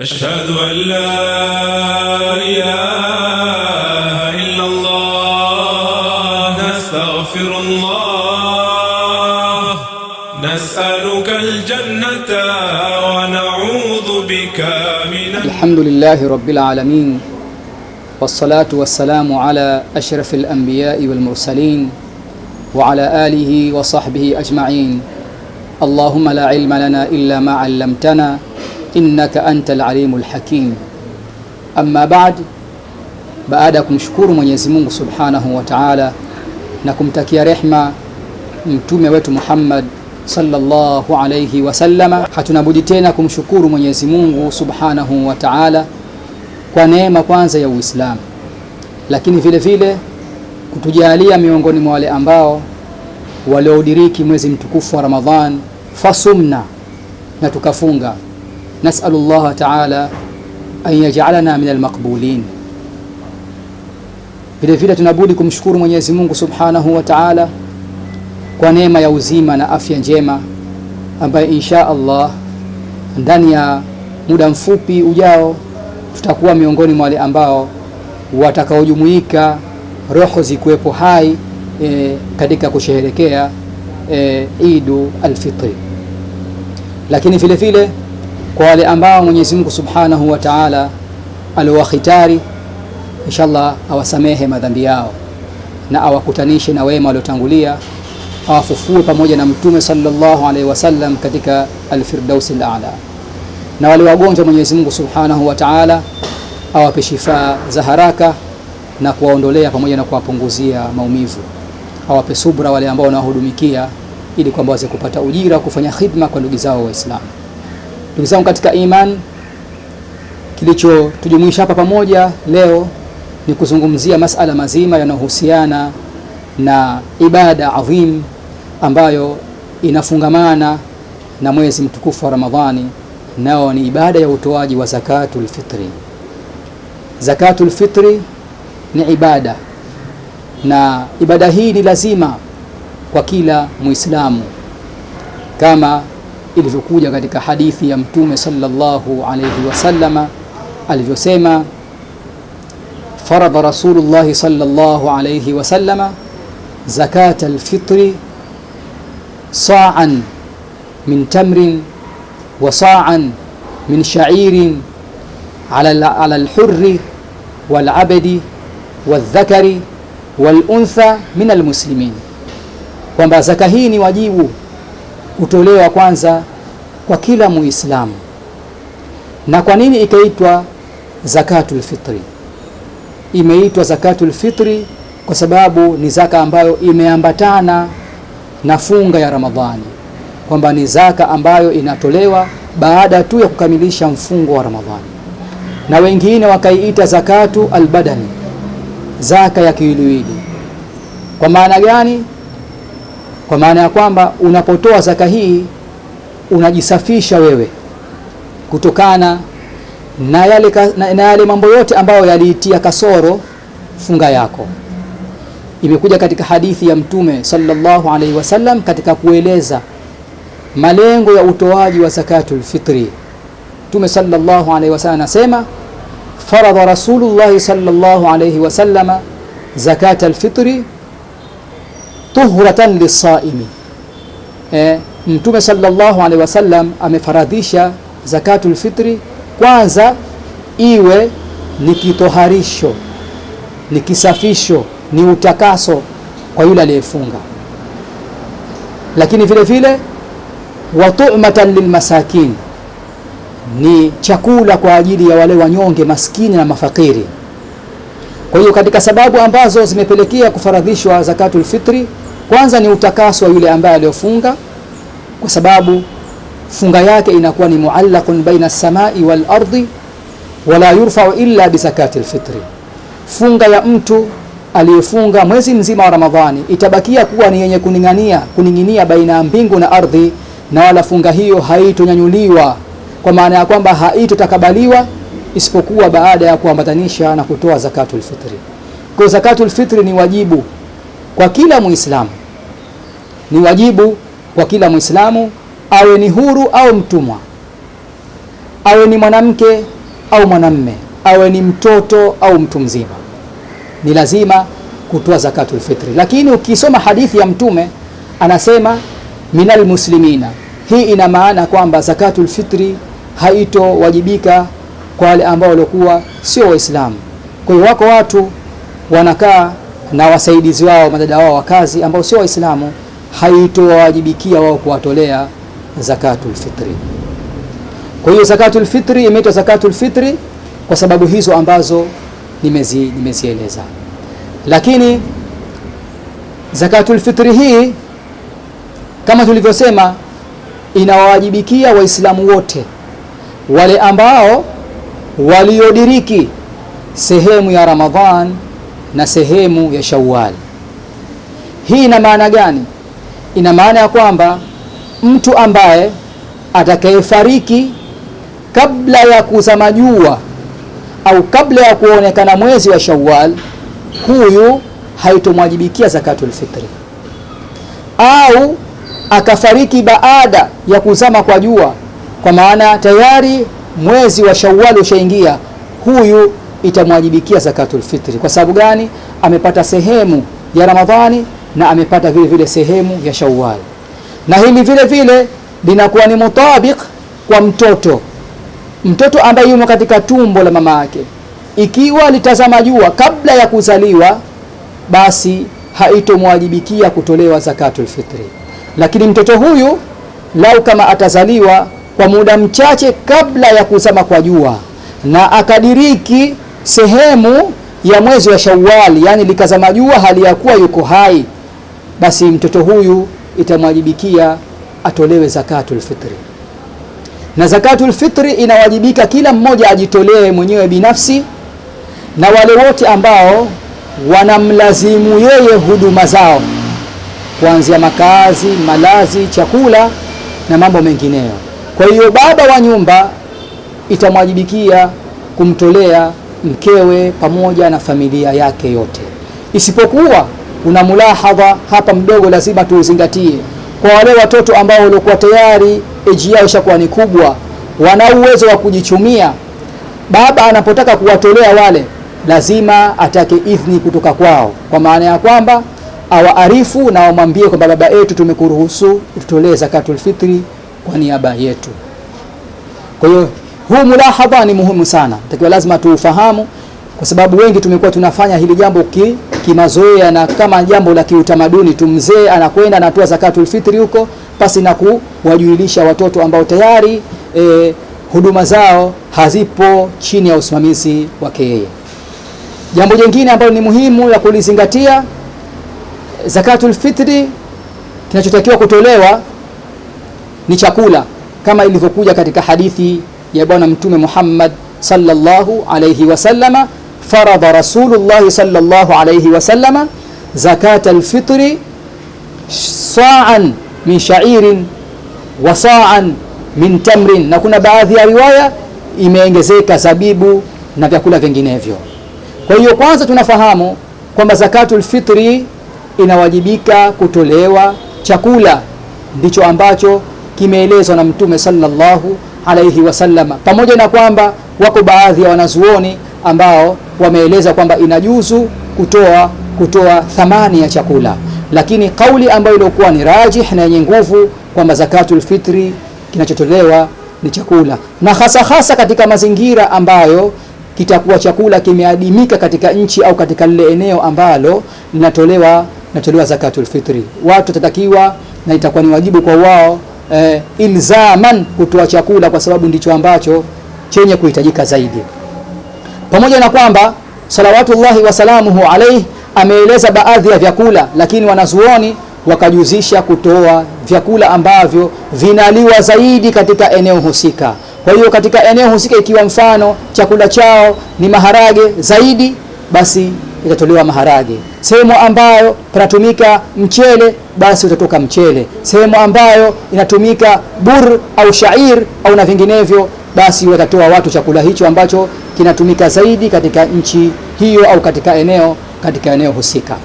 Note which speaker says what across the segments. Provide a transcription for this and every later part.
Speaker 1: أشهد أن لا إله إلا الله نستغفر الله نسألك الجنة ونعوذ بك من
Speaker 2: الحمد لله رب العالمين والصلاة والسلام على أشرف الأنبياء والمرسلين وعلى آله وصحبه أجمعين اللهم لا علم لنا إلا ما علمتنا innaka anta alalimu lhakim Amma bad baada ya kumshukuru Mwenyezi Mungu subhanahu wa taala na kumtakia rehma mtume wetu Muhammad sallallahu alayhi wasallama, hatunabudi tena kumshukuru Mwenyezi Mungu subhanahu wa taala kwa neema kwanza ya Uislamu, lakini vile vile kutujalia miongoni mwa wale ambao waliodiriki mwezi mtukufu wa Ramadhan, fasumna na tukafunga nasalu الله taala an يجعلنا min almaqbulin. Vile vile tunabudi kumshukuru Mwenyezi Mungu subhanahu wa taala kwa neema ya uzima na afya njema ambayo insha Allah ndani ya muda mfupi ujao tutakuwa miongoni mwa wale ambao watakaojumuika roho zikuwepo hai e, katika kusherehekea e, Idu Alfitri, lakini vile vile kwa wale ambao Mwenyezi Mungu Subhanahu wa Ta'ala aliwahitari, inshallah awasamehe madhambi yao na awakutanishe na wema waliotangulia, awafufue pamoja na Mtume sallallahu alaihi wasallam katika alfirdausi al ala Na wale wagonjwa Mwenyezi Mungu Subhanahu wa Ta'ala awape shifaa za haraka na kuwaondolea pamoja na kuwapunguzia maumivu, awape subra wale ambao wanawahudumikia, ili kwamba waweze kupata ujira kufanya khidma kwa ndugu zao Waislamu. Ndugu zangu katika iman, kilichotujumuisha hapa pamoja leo ni kuzungumzia masala mazima yanayohusiana na ibada adhim ambayo inafungamana na mwezi mtukufu wa Ramadhani, nao ni ibada ya utoaji wa zakatul fitri. Zakatul fitri ni ibada, na ibada hii ni lazima kwa kila Muislamu kama ilivyokuja katika hadithi ya Mtume sallallahu alayhi wasallama alivyosema, farada Rasulullahi sallallahu alayhi wasallama zakat alfitri sa'an min tamrin wa sa'an min sha'irin ala alhurri walabadi wadhakari waluntha min almuslimin, kwamba zaka hii ni wajibu utolewa kwanza kwa kila Muislamu. Na kwa nini ikaitwa zakatul fitri? Imeitwa zakatul fitri kwa sababu ni zaka ambayo imeambatana na funga ya Ramadhani, kwamba ni zaka ambayo inatolewa baada tu ya kukamilisha mfungo wa Ramadhani. Na wengine wakaiita zakatu albadani, zaka ya kiwiliwili. Kwa maana gani? Kwa maana ya kwamba unapotoa zaka hii unajisafisha wewe kutokana na yale, na, na yale mambo yote ambayo yaliitia kasoro funga yako. Imekuja katika hadithi ya Mtume sallallahu alaihi wasallam katika kueleza malengo ya utoaji wa zakatul fitri. Mtume sallallahu alaihi wasallam anasema faradha Rasulullahi sallallahu alaihi wasallama zakata alfitri tuhuratan lisaimi. eh, Mtume sallallahu alaihi wasallam amefaradhisha zakatul fitri kwanza iwe ni kitoharisho, ni kisafisho, ni utakaso kwa yule aliyefunga, lakini vile vile wa tu'matan lilmasakin, ni chakula kwa ajili ya wale wanyonge, maskini na mafakiri. Kwa hiyo katika sababu ambazo zimepelekea kufaradhishwa zakatulfitri kwanza ni utakaso wa yule ambaye aliyofunga, kwa sababu funga yake inakuwa ni muallaqun baina samai wal ardi wala yurfau illa bizakati lfitri. Funga ya mtu aliyefunga mwezi mzima wa Ramadhani itabakia kuwa ni yenye kuning'ania kuning'inia baina ya mbingu na ardhi, na wala funga hiyo haitonyanyuliwa, kwa maana ya kwamba haitotakabaliwa isipokuwa baada ya kuambatanisha na kutoa zakatul fitri. Kwa zakatul fitri ni wajibu kwa kila Muislamu, ni wajibu kwa kila Muislamu awe ni huru au mtumwa, awe ni mwanamke au mwanamme, awe ni mtoto au mtu mzima, ni lazima kutoa zakatul fitri. Lakini ukisoma hadithi ya Mtume anasema minal muslimina, hii ina maana kwamba zakatul fitri haitowajibika kwa wale ambao waliokuwa sio Waislamu. Kwa hiyo wako watu wanakaa na wasaidizi wao madada wao wa kazi ambao sio Waislamu haitowawajibikia wao kuwatolea zakatul fitri. Kwa hiyo zakatul fitri imeitwa zakatul fitri kwa sababu hizo ambazo nimezi nimezieleza, lakini zakatul fitri hii kama tulivyosema inawawajibikia Waislamu wote wale ambao waliodiriki sehemu ya Ramadhan na sehemu ya Shawwal. Hii ina maana gani? Ina maana ya kwamba mtu ambaye atakayefariki kabla ya kuzama jua au kabla ya kuonekana mwezi wa Shawwal, huyu haitomwajibikia zakatul fitri, au akafariki baada ya kuzama kwa jua, kwa maana tayari mwezi wa Shawwal ushaingia, huyu itamwajibikia zakatul fitri. Kwa sababu gani? Amepata sehemu ya Ramadhani na amepata vile vile sehemu ya Shawwal, na hili vile vile linakuwa ni mutabik kwa mtoto, mtoto ambaye yumo katika tumbo la mama yake, ikiwa litazama jua kabla ya kuzaliwa, basi haitomwajibikia kutolewa zakatul fitri. Lakini mtoto huyu lau kama atazaliwa kwa muda mchache kabla ya kuzama kwa jua na akadiriki sehemu ya mwezi wa Shawwal, yani likazama jua hali ya kuwa yuko hai, basi mtoto huyu itamwajibikia atolewe zakatul fitri. Na zakatul fitri inawajibika kila mmoja ajitolee mwenyewe binafsi na wale wote ambao wanamlazimu yeye huduma zao, kuanzia makazi, malazi, chakula na mambo mengineyo. Kwa hiyo baba wa nyumba itamwajibikia kumtolea mkewe, pamoja na familia yake yote, isipokuwa kuna mulahadha hapa mdogo lazima tuuzingatie kwa wale watoto ambao waliokuwa tayari eji yao ishakuwa ni kubwa, wana uwezo wa kujichumia. Baba anapotaka kuwatolea wale, lazima atake idhni kutoka kwao, kwa maana ya kwamba awaarifu na wamwambie kwamba baba yetu, tumekuruhusu tutolee zakatul fitri kwa niaba yetu. Kwa hiyo huu mulahadha ni muhimu sana, takiwa lazima tuufahamu, kwa sababu wengi tumekuwa tunafanya hili jambo ki kimazoea na kama jambo la kiutamaduni tu. Mzee anakwenda anatoa zakatul fitri huko pasi na kuwajuilisha watoto ambao tayari e, huduma zao hazipo chini ya usimamizi wake yeye. Jambo jingine ambalo ni muhimu la kulizingatia, zakatul fitri kinachotakiwa kutolewa ni chakula kama ilivyokuja katika hadithi ya Bwana Mtume Muhammad sallallahu alayhi wasallama, faradha Rasulullahi sallallahu alayhi wasallama zakata alfitri sa'an min sha'irin wa sa'an min tamrin, na kuna baadhi ya riwaya imeongezeka zabibu na vyakula vinginevyo. Kwa hiyo kwanza tunafahamu kwamba zakatul fitri inawajibika kutolewa chakula, ndicho ambacho kimeelezwa na Mtume sallallahu alaihi wasallama, pamoja na kwamba wako baadhi ya wanazuoni ambao wameeleza kwamba inajuzu kutoa kutoa thamani ya chakula, lakini kauli ambayo iliokuwa ni rajih na yenye nguvu kwamba zakatul fitri kinachotolewa ni chakula, na hasa hasa katika mazingira ambayo kitakuwa chakula kimeadimika katika nchi au katika lile eneo ambalo linatolewa natolewa zakatul fitri, watu watatakiwa na itakuwa ni wajibu kwa wao eh, ilzaman, kutoa chakula kwa sababu ndicho ambacho chenye kuhitajika zaidi, pamoja na kwamba salawatullahi wasalamuhu alaihi ameeleza baadhi ya vyakula, lakini wanazuoni wakajuzisha kutoa vyakula ambavyo vinaliwa zaidi katika eneo husika. Kwa hiyo katika eneo husika, ikiwa mfano chakula chao ni maharage zaidi, basi itatolewa maharage. Sehemu ambayo panatumika mchele, basi utatoka mchele. Sehemu ambayo inatumika bur au shair au na vinginevyo, basi watatoa watu chakula hicho ambacho kinatumika zaidi katika nchi hiyo au katika eneo katika eneo husika.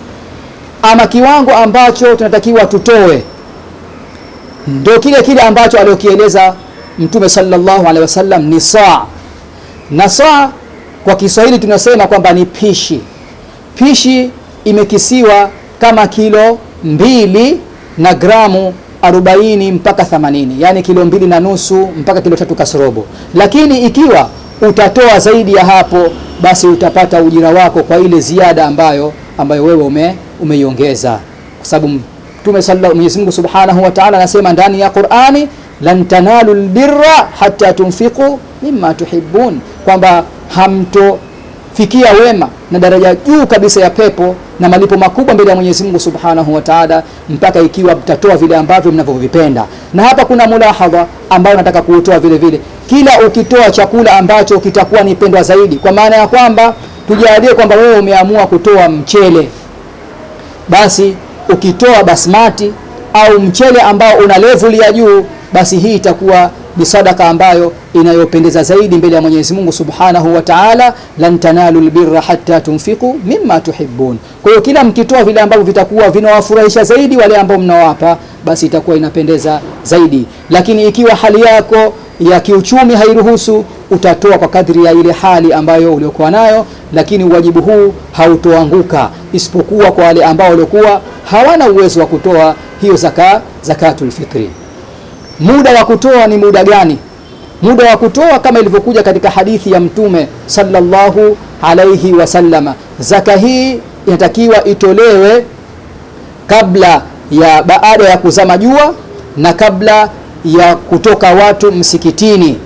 Speaker 2: Ama kiwango ambacho tunatakiwa tutoe ndio kile kile ambacho aliokieleza Mtume sallallahu alaihi wasallam ni saa na saa. Kwa Kiswahili tunasema kwamba ni pishi. Pishi imekisiwa kama kilo mbili na gramu 40 mpaka 80, yani kilo mbili na nusu mpaka kilo tatu kasorobo. Lakini ikiwa utatoa zaidi ya hapo, basi utapata ujira wako kwa ile ziada ambayo ambayo wewe ume umeiongeza, kwa sababu Mtume sallallahu Mwenyezi Mungu Subhanahu wa Ta'ala anasema ndani ya Qur'ani, lan tanalu albirra hatta tunfiqu mimma tuhibbun, kwamba hamto fikia wema na daraja juu kabisa ya pepo na malipo makubwa mbele ya Mwenyezi Mungu Subhanahu wa Ta'ala, mpaka ikiwa mtatoa vile ambavyo mnavyovipenda. Na hapa kuna mulahadha ambayo nataka kuutoa vile vile, kila ukitoa chakula ambacho kitakuwa ni pendwa zaidi, kwa maana ya kwamba tujalie kwamba wewe umeamua kutoa mchele, basi ukitoa basmati au mchele ambao una level ya juu, basi hii itakuwa sadaka ambayo inayopendeza zaidi mbele ya Mwenyezi Mungu Subhanahu wa Ta'ala, lan tanalu albirra hatta tunfiqu mimma tuhibbun. Kwa hiyo kila mkitoa vile ambavyo vitakuwa vinawafurahisha zaidi wale ambao mnawapa, basi itakuwa inapendeza zaidi. Lakini ikiwa hali yako ya kiuchumi hairuhusu, utatoa kwa kadri ya ile hali ambayo uliokuwa nayo, lakini uwajibu huu hautoanguka, isipokuwa kwa wale ambao waliokuwa hawana uwezo wa kutoa hiyo zaka zakatul fitri. Muda wa kutoa ni muda gani? Muda wa kutoa kama ilivyokuja katika hadithi ya Mtume sallallahu alaihi wasallama, zaka hii inatakiwa itolewe kabla ya baada ya kuzama jua na kabla ya kutoka watu msikitini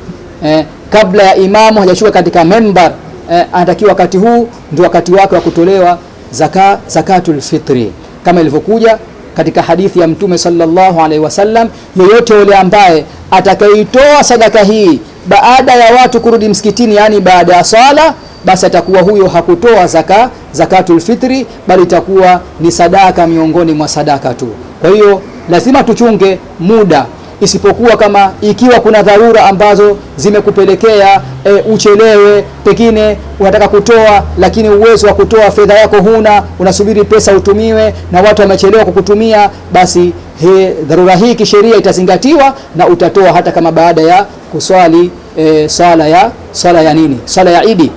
Speaker 2: eh, kabla ya imamu hajashuka katika membar eh, anatakiwa wakati huu ndio wakati wake wa kutolewa zaka zakatul fitri kama ilivyokuja katika hadithi ya Mtume sallallahu alaihi wasallam, yeyote yule ambaye atakayeitoa sadaka hii baada ya watu kurudi msikitini, yani baada ya swala, basi atakuwa huyo hakutoa zaka zakatul fitri, bali itakuwa ni sadaka miongoni mwa sadaka tu. Kwa hiyo lazima tuchunge muda isipokuwa kama ikiwa kuna dharura ambazo zimekupelekea e, uchelewe, pengine unataka kutoa lakini uwezo wa kutoa fedha yako huna, unasubiri pesa utumiwe na watu wamechelewa kukutumia, basi he, dharura hii kisheria itazingatiwa na utatoa hata kama baada ya kuswali e, sala ya sala ya nini, sala ya Idi.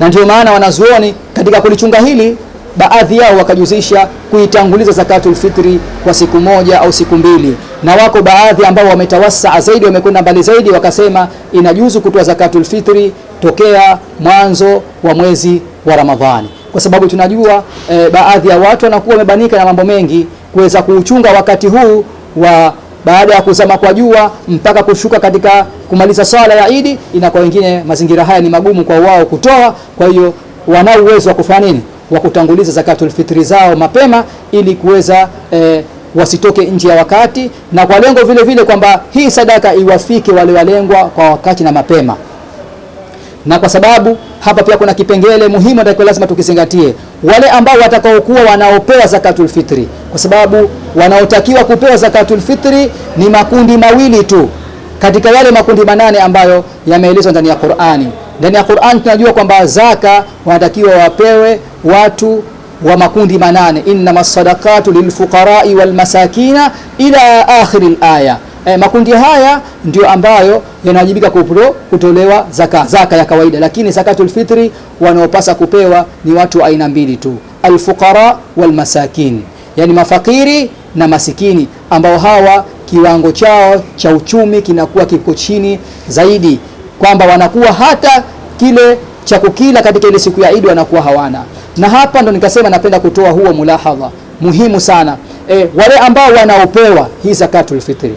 Speaker 2: Na ndio maana wanazuoni katika kulichunga hili baadhi yao wakajuzisha kuitanguliza zakatul fitri kwa siku moja au siku mbili, na wako baadhi ambao wametawasaa zaidi, wamekwenda mbali zaidi, wakasema inajuzu kutoa zakatul fitri tokea mwanzo wa mwezi wa Ramadhani, kwa sababu tunajua e, baadhi ya watu wanakuwa wamebanika na mambo mengi kuweza kuuchunga wakati huu wa baada ya kuzama kwa jua mpaka kushuka katika kumaliza swala ya Idi, inakuwa wengine mazingira haya ni magumu kwa wao kutoa, kwa hiyo wanao uwezo wa kufanya nini wa kutanguliza zakatul fitri zao mapema ili kuweza e, wasitoke nje ya wakati, na kwa lengo vile vile kwamba hii sadaka iwafike wale walengwa kwa wakati na mapema. Na kwa sababu hapa pia kuna kipengele muhimu ndio lazima tukizingatie, wale ambao watakaokuwa wanaopewa zakatul fitri, kwa sababu wanaotakiwa kupewa zakatul fitri ni makundi mawili tu katika yale makundi manane ambayo yameelezwa ndani ya Qur'ani. Ndani ya Qur'an tunajua kwamba zaka wanatakiwa wapewe watu wa makundi manane, innama sadaqatu lilfuqarai walmasakina ila akhiri alaya. E, makundi haya ndio ambayo yanawajibika kutolewa zaka, zaka ya kawaida. Lakini zakatul fitri wanaopasa kupewa ni watu wa aina mbili tu, alfuqara walmasakin, yani mafakiri na masikini, ambao hawa kiwango chao cha uchumi kinakuwa kiko chini zaidi kwamba wanakuwa hata kile cha kukila katika ile siku ya Idi wanakuwa hawana. Na hapa ndo nikasema napenda kutoa huo mulahadha muhimu sana e, wale ambao wanaopewa hii zakatul fitri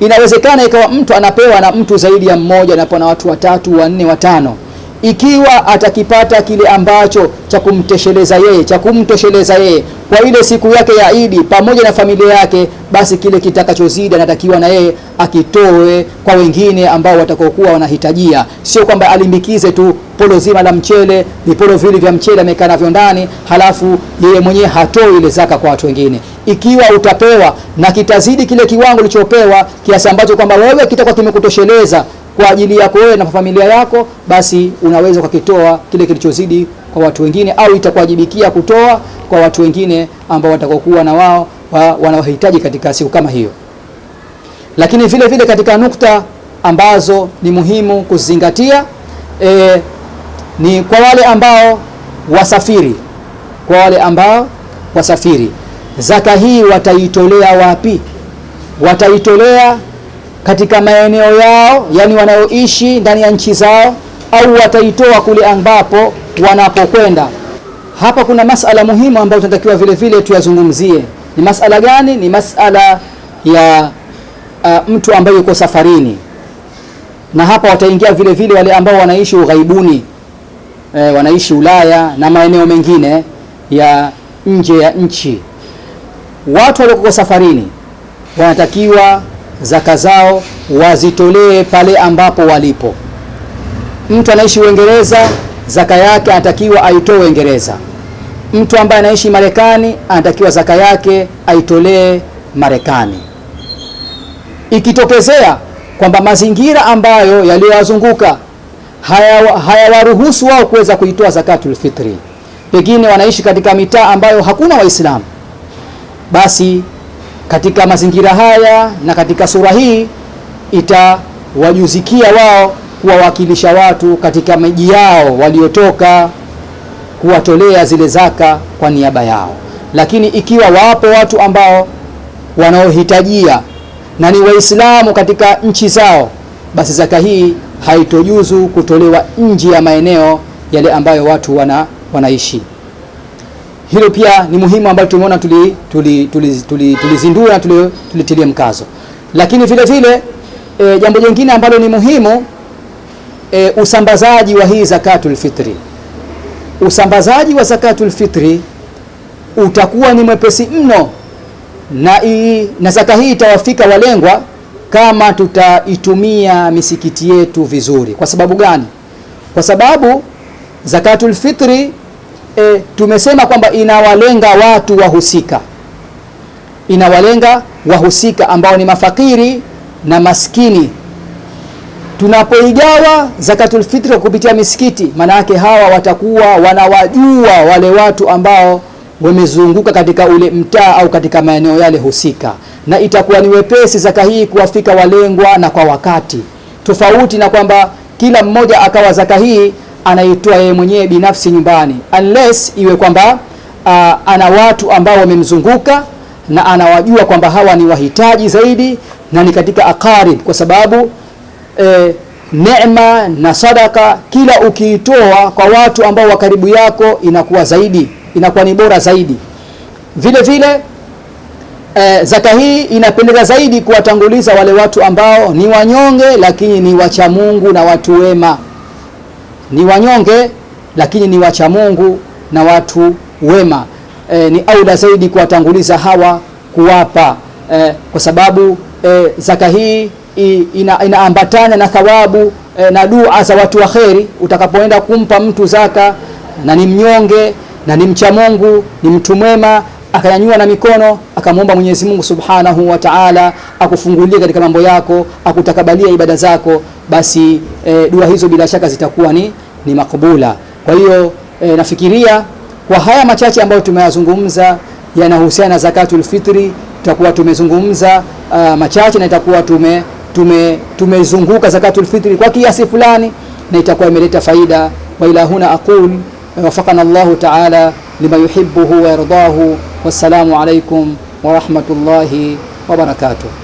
Speaker 2: inawezekana ikawa mtu anapewa na mtu zaidi ya mmoja, napo na watu watatu wanne watano ikiwa atakipata kile ambacho cha kumtosheleza yeye cha kumtosheleza yeye kwa ile siku yake ya Idi pamoja na familia yake, basi kile kitakachozidi anatakiwa na yeye akitoe kwa wengine ambao watakokuwa wanahitajia. Sio kwamba alimbikize tu polo zima la mchele, vipolo vile vya mchele amekaa navyo ndani, halafu yeye mwenyewe hatoi ile zaka kwa watu wengine. Ikiwa utapewa na kitazidi kile kiwango ulichopewa kiasi ambacho kwamba wewe kitakuwa kimekutosheleza kwa ajili yako wewe na familia yako, basi unaweza ukakitoa kile kilichozidi kwa watu wengine, au itakuwajibikia kutoa kwa watu wengine ambao watakokuwa na wao wa, wanawahitaji katika siku kama hiyo. Lakini vile vile katika nukta ambazo ni muhimu kuzingatia e, ni kwa wale ambao wasafiri, kwa wale ambao wasafiri, zaka hii wataitolea wapi? Wataitolea katika maeneo yao, yani wanayoishi ndani ya nchi zao, au wataitoa kule ambapo wanapokwenda. Hapa kuna masala muhimu ambayo tunatakiwa vile vile tuyazungumzie. Ni masala gani? Ni masala ya uh, mtu ambaye yuko safarini, na hapa wataingia vile vile wale ambao wanaishi ughaibuni e, wanaishi Ulaya na maeneo mengine ya nje ya nchi. Watu walioko safarini wanatakiwa zaka zao wazitolee pale ambapo walipo. Mtu anaishi Uingereza, zaka yake anatakiwa aitoe Uingereza. Mtu ambaye anaishi Marekani anatakiwa zaka yake aitolee Marekani. Ikitokezea kwamba mazingira ambayo yaliyowazunguka hayawaruhusu haya wao kuweza kuitoa zakatul fitri, pengine wanaishi katika mitaa ambayo hakuna Waislamu, basi katika mazingira haya na katika sura hii itawajuzikia wao kuwawakilisha watu katika miji yao waliotoka, kuwatolea zile zaka kwa niaba yao. Lakini ikiwa wapo watu ambao wanaohitajia na ni Waislamu katika nchi zao, basi zaka hii haitojuzu kutolewa nje ya maeneo yale ambayo watu wana, wanaishi hilo pia ni muhimu ambalo tumeona tulizindua tuli, tuli, tuli, tuli na tulitilia tuli mkazo, lakini vile vile e, jambo jingine ambalo ni muhimu e, usambazaji wa hii zakatul fitri. Usambazaji wa zakatul fitri utakuwa ni mwepesi mno na, i, na zaka hii itawafika walengwa kama tutaitumia misikiti yetu vizuri. Kwa sababu gani? Kwa sababu zakatul fitri e, tumesema kwamba inawalenga watu wahusika, inawalenga wahusika ambao ni mafakiri na maskini. Tunapoigawa zakatul fitri kupitia misikiti, maana yake hawa watakuwa wanawajua wale watu ambao wamezunguka katika ule mtaa au katika maeneo yale husika, na itakuwa ni wepesi zaka hii kuwafika walengwa na kwa wakati, tofauti na kwamba kila mmoja akawa zaka hii anaitoa yeye mwenyewe binafsi nyumbani, unless iwe kwamba uh, ana watu ambao wamemzunguka na anawajua kwamba hawa ni wahitaji zaidi na ni katika akarib, kwa sababu eh, neema na sadaka kila ukiitoa kwa watu ambao wa karibu yako inakuwa zaidi, inakuwa ni bora zaidi. Vile vile eh, zaka hii inapendeza zaidi kuwatanguliza wale watu ambao ni wanyonge, lakini ni wacha Mungu na watu wema ni wanyonge lakini ni wacha Mungu na watu wema. E, ni aula zaidi kuwatanguliza hawa kuwapa e, kwa sababu e, zaka hii ina, inaambatana na thawabu e, na dua za watu wa kheri. Utakapoenda kumpa mtu zaka na ni mnyonge na ni mcha Mungu, ni mtu mwema akanyanyua na mikono akamwomba Mwenyezi Mungu Subhanahu wa Ta'ala akufungulie katika mambo yako, akutakabalia ibada zako basi e, dua hizo bila shaka zitakuwa ni, ni makubula. Kwa hiyo e, nafikiria kwa haya machache ambayo tumeyazungumza yanahusiana na zakatul fitri, tutakuwa tumezungumza uh, machache na itakuwa tume tume tumezunguka zakatul fitri kwa kiasi fulani na itakuwa imeleta faida. wa ila huna aqul eh, wafaqana Allahu ta'ala lima yuhibbuhu wa yardahu. Wassalamu alaykum wa rahmatullahi wa barakatuh.